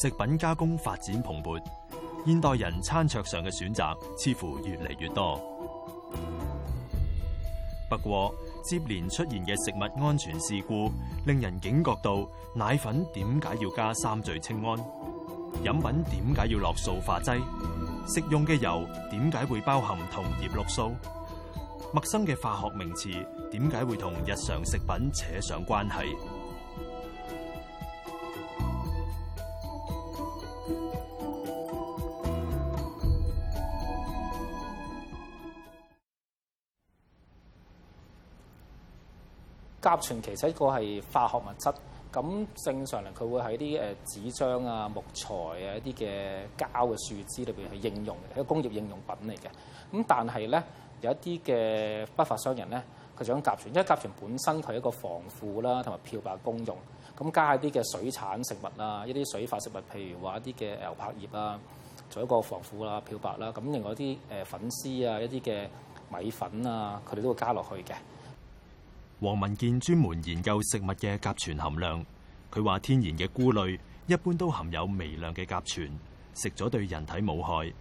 食品加工發展蓬勃，現代人餐桌上嘅選擇似乎越嚟越多。不過接連出現嘅食物安全事故，令人警覺到：奶粉點解要加三聚氰胺？飲品點解要落塑化劑？食用嘅油點解會包含銅葉綠素？陌生嘅化學名詞點解會同日常食品扯上關係？甲醛其實一個係化學物質，咁正常嚟佢會喺啲誒紙張啊、木材啊一啲嘅膠嘅樹脂裏邊去應用嘅，一個工業應用品嚟嘅。咁但係咧有一啲嘅不法商人咧，佢想甲醛，因為甲醛本身佢係一個防腐啦，同埋漂白功用。咁加一啲嘅水產食物啦，一啲水化食物，譬如話一啲嘅牛柏葉啊，做一個防腐啦、漂白啦。咁另外一啲誒粉絲啊，一啲嘅米粉啊，佢哋都會加落去嘅。黃文健專門研究食物嘅甲醛含量。佢話天然嘅菇類一般都含有微量嘅甲醛，食咗對人體冇害。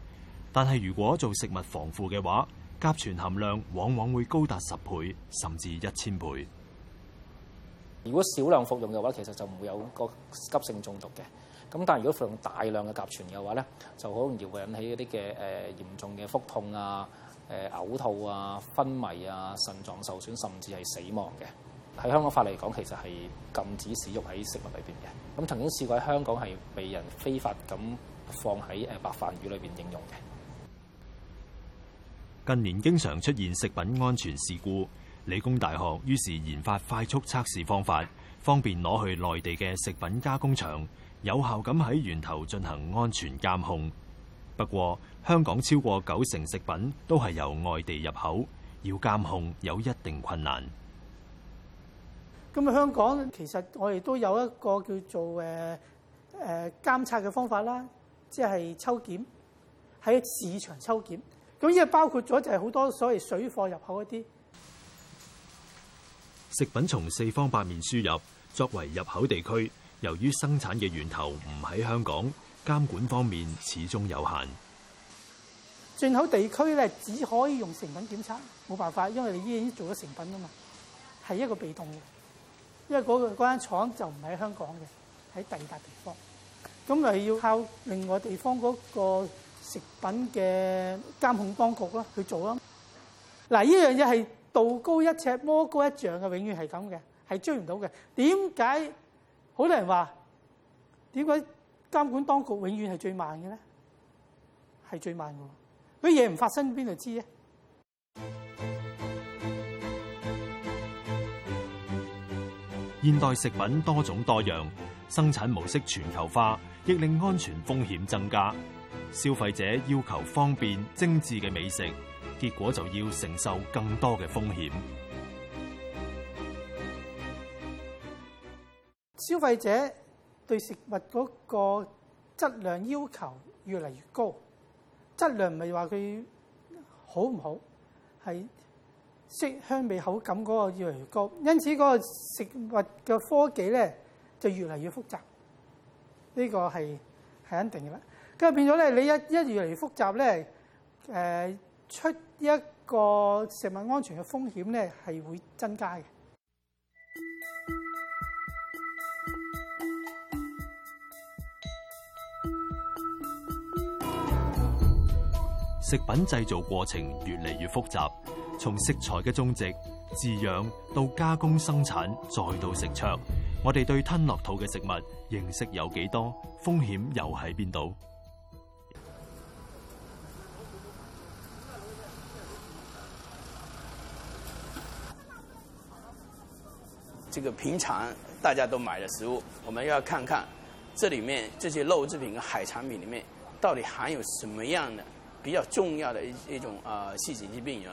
但係如果做食物防腐嘅話，甲醛含量往往會高達十倍甚至一千倍。如果少量服用嘅話，其實就唔會有個急性中毒嘅。咁但係如果服用大量嘅甲醛嘅話咧，就好容易會引起一啲嘅誒嚴重嘅腹痛啊。誒、呃、嘔吐啊、昏迷啊、腎臟受損，甚至係死亡嘅。喺香港法嚟講，其實係禁止使用喺食物裏邊嘅。咁曾經試過喺香港係被人非法咁放喺誒白飯魚裏邊應用嘅。近年經常出現食品安全事故，理工大學於是研發快速測試方法，方便攞去內地嘅食品加工場，有效咁喺源頭進行安全監控。不過，香港超過九成食品都係由外地入口，要監控有一定困難。咁啊，香港其實我哋都有一個叫做誒誒、呃、監測嘅方法啦，即係抽檢喺市場抽檢。咁依個包括咗就係好多所謂水貨入口一啲食品，從四方八面輸入。作為入口地區，由於生產嘅源頭唔喺香港。監管方面始終有限，進口地區咧，只可以用成品檢測，冇辦法，因為你已經做咗成品噶嘛，係一個被動嘅，因為嗰個嗰間廠就唔喺香港嘅，喺第二笪地方，咁就係要靠另外地方嗰個食品嘅監控當局啦去做啦。嗱，呢樣嘢係道高一尺，魔高一丈嘅，永遠係咁嘅，係追唔到嘅。點解？好多人話，點解？監管當局永遠係最慢嘅咧，係最慢嘅喎。乜嘢唔發生邊度知咧？現代食品多種多樣，生產模式全球化，亦令安全風險增加。消費者要求方便精緻嘅美食，結果就要承受更多嘅風險。消費者。對食物嗰個質量要求越嚟越高，質量唔係話佢好唔好，係色香味口感嗰個越嚟越高。因此嗰個食物嘅科技咧就越嚟越複雜，呢個係係肯定嘅啦。跟住變咗咧，你一一越嚟越複雜咧，誒出一個食物安全嘅風險咧係會增加嘅。食品製造過程越嚟越複雜，從食材嘅種植、飼養到加工生產，再到食桌，我哋對吞落肚嘅食物認識有幾多？風險又喺邊度？這個平常大家都買嘅食物，我們要看看這裏面這些肉製品、海產品裏面到底含有什麼樣的？比較重要的一種啊事情之邊緣。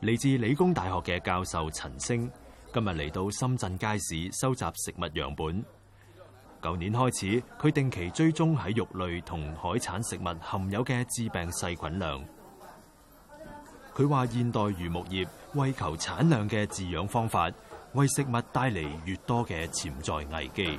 嚟自理工大學嘅教授陳星，今日嚟到深圳街市收集食物樣本。舊年開始，佢定期追蹤喺肉類同海產食物含有嘅致病細菌量。佢話現代魚牧業為求產量嘅飼養方法，為食物帶嚟越多嘅潛在危機。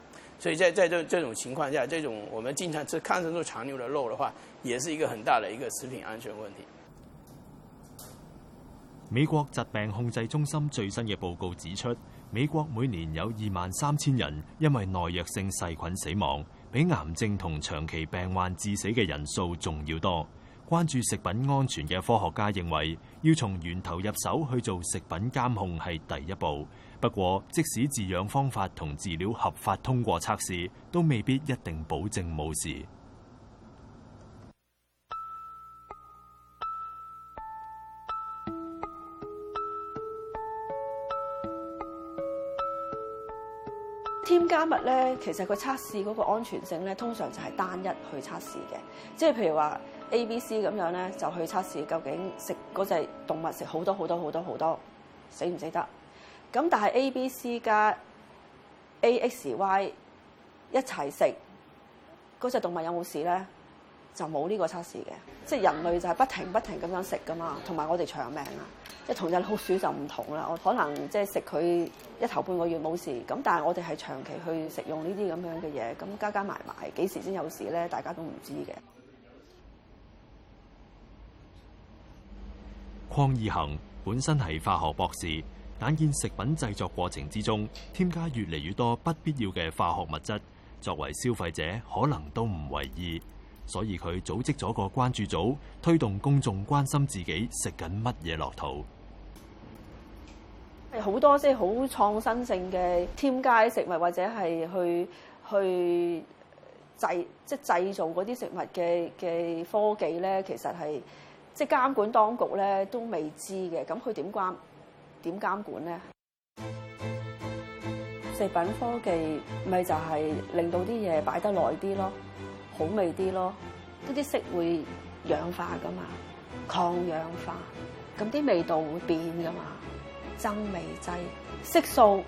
所以在在這這種情況下，這種我們經常吃抗生素殘留的肉的話，也是一個很大的一個食品安全問題。美國疾病控制中心最新嘅報告指出，美國每年有二萬三千人因為耐藥性細菌死亡，比癌症同長期病患致死嘅人數仲要多。關注食品安全嘅科學家認為，要從源頭入手去做食品監控係第一步。不過，即使飼養方法同飼料合法通過測試，都未必一定保證冇事。生物咧，其實佢測試嗰個安全性咧，通常就係單一去測試嘅，即係譬如話 A、B、C 咁樣咧，就去測試究竟食嗰隻動物食好多好多好多好多死唔死得？咁但係 A、B、C 加 A、X、Y 一齊食嗰隻動物有冇事咧？就冇呢個測試嘅，即係人類就係不停不停咁樣食噶嘛，同埋我哋長命啊！即同隻老鼠就唔同啦，我可能即係食佢一頭半個月冇事，咁但係我哋係長期去食用呢啲咁樣嘅嘢，咁加加埋埋幾時先有事咧？大家都唔知嘅。鄺義恆本身係化學博士，眼見食品製作過程之中添加越嚟越多不必要嘅化學物質，作為消費者可能都唔為意。所以佢組織咗個關注組，推動公眾關心自己食緊乜嘢落肚。好多即係好創新性嘅添加嘅食物，或者係去去製即係製造嗰啲食物嘅嘅科技咧，其實係即係監管當局咧都未知嘅。咁佢點關點監管咧？食品科技咪就係令到啲嘢擺得耐啲咯。好味啲咯，呢啲色會氧化噶嘛，抗氧化，咁啲味道會變噶嘛，增味劑、色素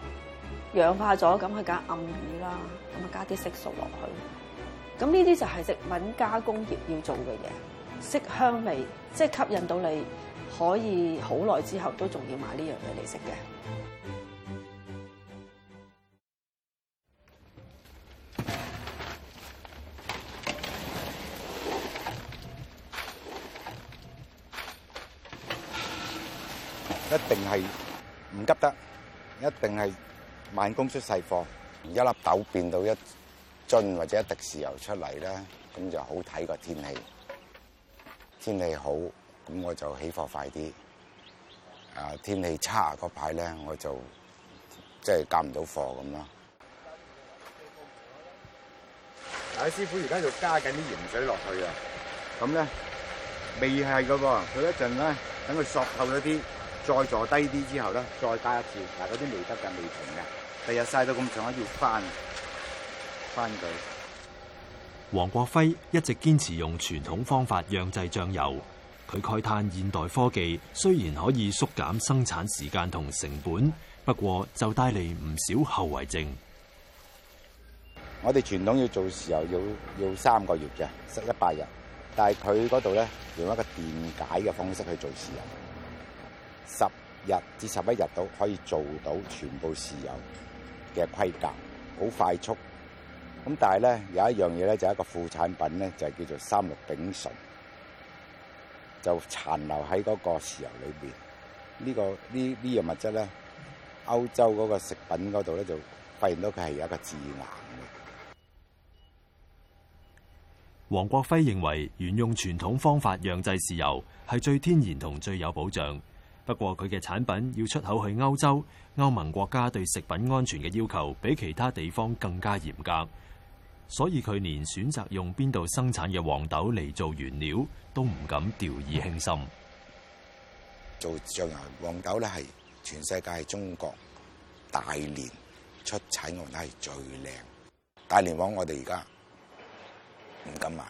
氧化咗，咁佢梗係暗啲啦，咁啊加啲色素落去，咁呢啲就係食品加工業要做嘅嘢，色香味即係、就是、吸引到你，可以好耐之後都仲要買呢樣嘢嚟食嘅。一定係唔急得，一定係慢工出細貨，一粒豆變到一樽或者一滴豉油出嚟啦，咁就好睇個天氣。天氣好，咁我就起貨快啲。啊，天氣差嗰排咧，我就即係交唔到貨咁咯。嗱，師傅，而家就加緊啲鹽水落去啊！咁咧，未係噶喎，佢一陣咧，等佢索透咗啲。再做低啲之後咧，再加一次。嗱，嗰啲未得嘅，未停嘅，第日曬到咁長，要翻翻佢。黃國輝一直堅持用傳統方法釀製醬油。佢慨嘆：現代科技雖然可以縮減生產時間同成本，不過就帶嚟唔少後遺症。我哋傳統要做豉油，要要三個月嘅，食一百日。但係佢嗰度咧，用一個電解嘅方式去做豉油。十日至十一日到可以做到全部豉油嘅規格，好快速。咁但係咧有一樣嘢咧，就係一個副產品咧，就係、是、叫做三氯丙醇，就殘留喺嗰個豉油裏邊。這個、呢個呢呢樣物質咧，歐洲嗰個食品嗰度咧就發現到佢係有一個致癌嘅。黃國輝認為，沿用傳統方法釀製豉油係最天然同最有保障。不過佢嘅產品要出口去歐洲，歐盟國家對食品安全嘅要求比其他地方更加嚴格，所以佢連選擇用邊度生產嘅黃豆嚟做原料都唔敢掉以輕心。做醬油黃豆呢係全世界中國大連出產，我哋係最靚。大連黃我哋而家唔敢買，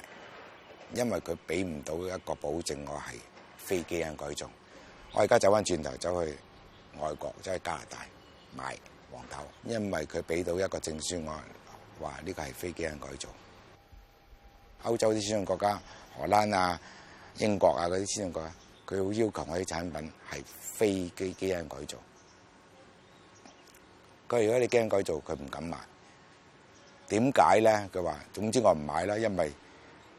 因為佢俾唔到一個保證我飛機，我係非基因改造。我而家走返轉頭走去外國，走去加拿大買黃豆，因為佢俾到一個證書，我話呢個係非基因改造。歐洲啲先進國家，荷蘭啊、英國啊嗰啲先進國家，佢好要求我啲產品係非基基因改造。佢話如果你驚改造，佢唔敢買。點解咧？佢話總之我唔買啦，因為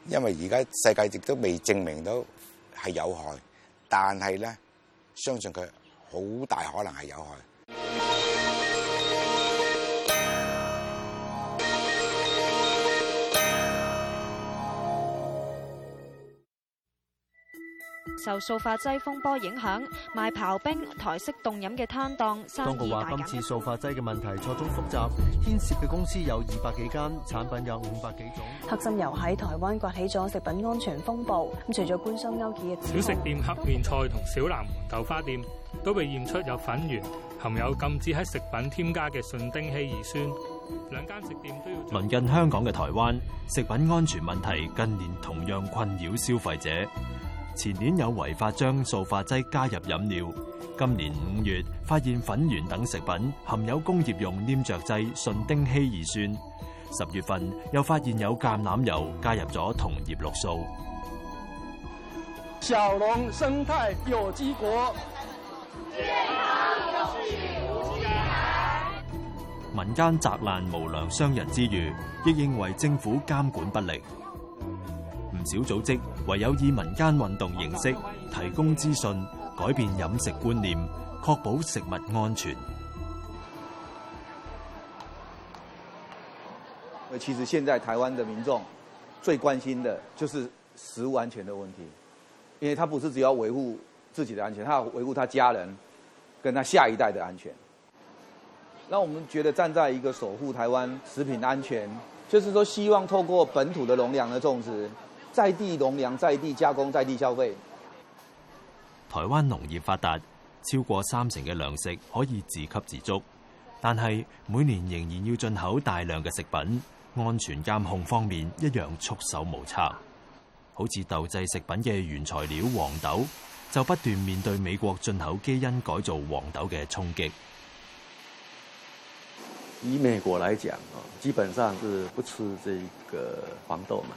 因為而家世界亦都未證明到係有害，但係咧。相信佢好大可能係有害。受塑化劑風波影響，賣刨冰台式凍飲嘅攤檔生意大減。當局話今次塑化劑嘅問題錯綜複雜，牽涉嘅公司有二百幾間，產品有五百幾種。黑心油喺台灣颳起咗食品安全風暴，咁除咗官商勾結嘅小食店黑面菜同小南門豆花店都被驗出有粉圓含有禁止喺食品添加嘅順丁烯二酸。兩間食店都要。鄰近香港嘅台灣食品安全問題近年同樣困擾消費者。前年有違法將塑化劑加入飲料，今年五月發現粉圓等食品含有工業用黏着劑順丁烯二酸，十月份又發現有橄欖油加入咗銅葉綠素。小龍生態有機果，有機民間責難無良商人之餘，亦認為政府監管不力。小組織唯有以民間運動形式提供資訊，改變飲食觀念，確保食物安全。那其實現在台灣的民眾最關心的就是食物安全的問題，因為他不是只要維護自己的安全，他要維護他家人跟他下一代的安全。那我們覺得站在一個守護台灣食品安全，就是說希望透過本土的農糧的種植。在地農糧，在地加工，在地消費。台灣農業發達，超過三成嘅糧食可以自給自足，但係每年仍然要進口大量嘅食品。安全監控方面一樣束手無策，好似豆製食品嘅原材料黃豆，就不斷面對美國進口基因改造黃豆嘅衝擊。以美國嚟講，啊，基本上是不吃這個黃豆嘛。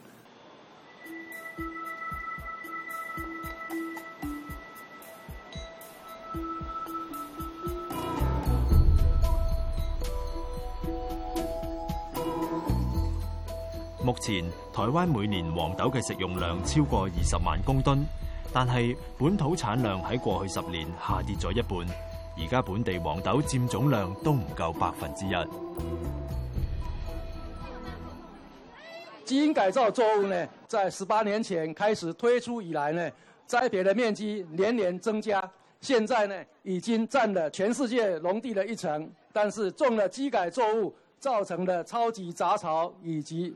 前台灣每年黃豆嘅食用量超過二十萬公噸，但係本土產量喺過去十年下跌咗一半。而家本地黃豆佔總量都唔夠百分之一。基因改造作物呢，在十八年前開始推出以來呢，栽培的面積年年增加，現在呢已經佔了全世界農地的一成。但是種了基改作物造成的超級雜草以及，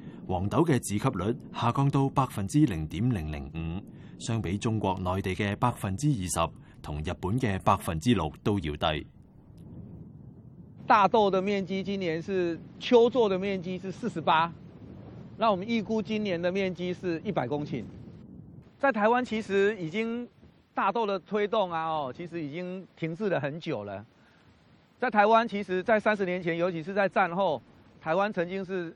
黃豆嘅自給率下降到百分之零點零零五，相比中國內地嘅百分之二十同日本嘅百分之六都要低。大豆的面積今年是秋作的面積是四十八，那我們預估今年的面積是一百公頃。在台灣其實已經大豆的推動啊，哦，其實已經停滯了很久了。在台灣其實在三十年前，尤其是在戰後，台灣曾經是，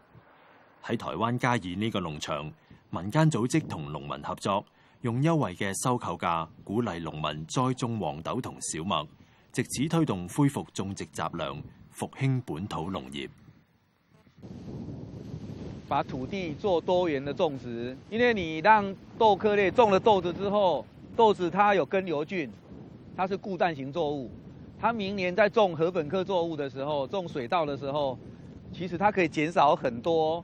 喺台灣嘉義呢個農場，民間組織同農民合作，用優惠嘅收購價鼓勵農民栽種黃豆同小麥，借此推動恢復種植雜糧，復興本土農業。把土地做多元的種植，因為你讓豆科類種了豆子之後，豆子它有根瘤菌，它是固氮型作物，它明年在種禾本科作物的時候，種水稻的時候，其實它可以減少很多。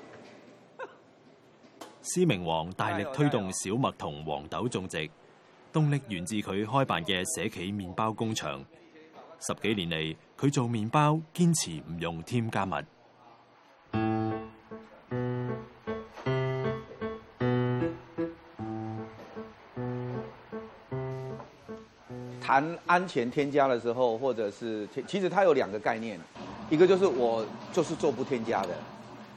思明王大力推動小麥同黃豆種植，動力源自佢開辦嘅社企麵包工場。十幾年嚟，佢做麵包堅持唔用添加物。談安全添加的時候，或者是其實，它有兩個概念，一個就是我就是做不添加的。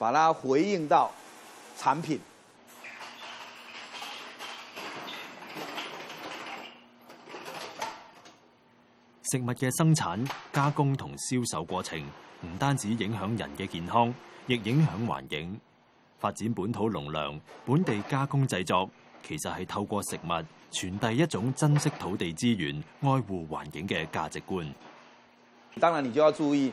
把它回應到產品食物嘅生產、加工同銷售過程，唔單止影響人嘅健康，亦影響環境。發展本土農糧、本地加工製作，其實係透過食物傳遞一種珍惜土地資源、愛護環境嘅價值觀。當然，你就要注意。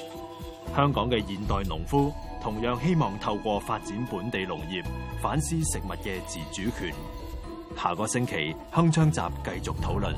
香港嘅現代農夫同樣希望透過發展本地農業，反思食物嘅自主權。下個星期《鏗鏘集》繼續討論。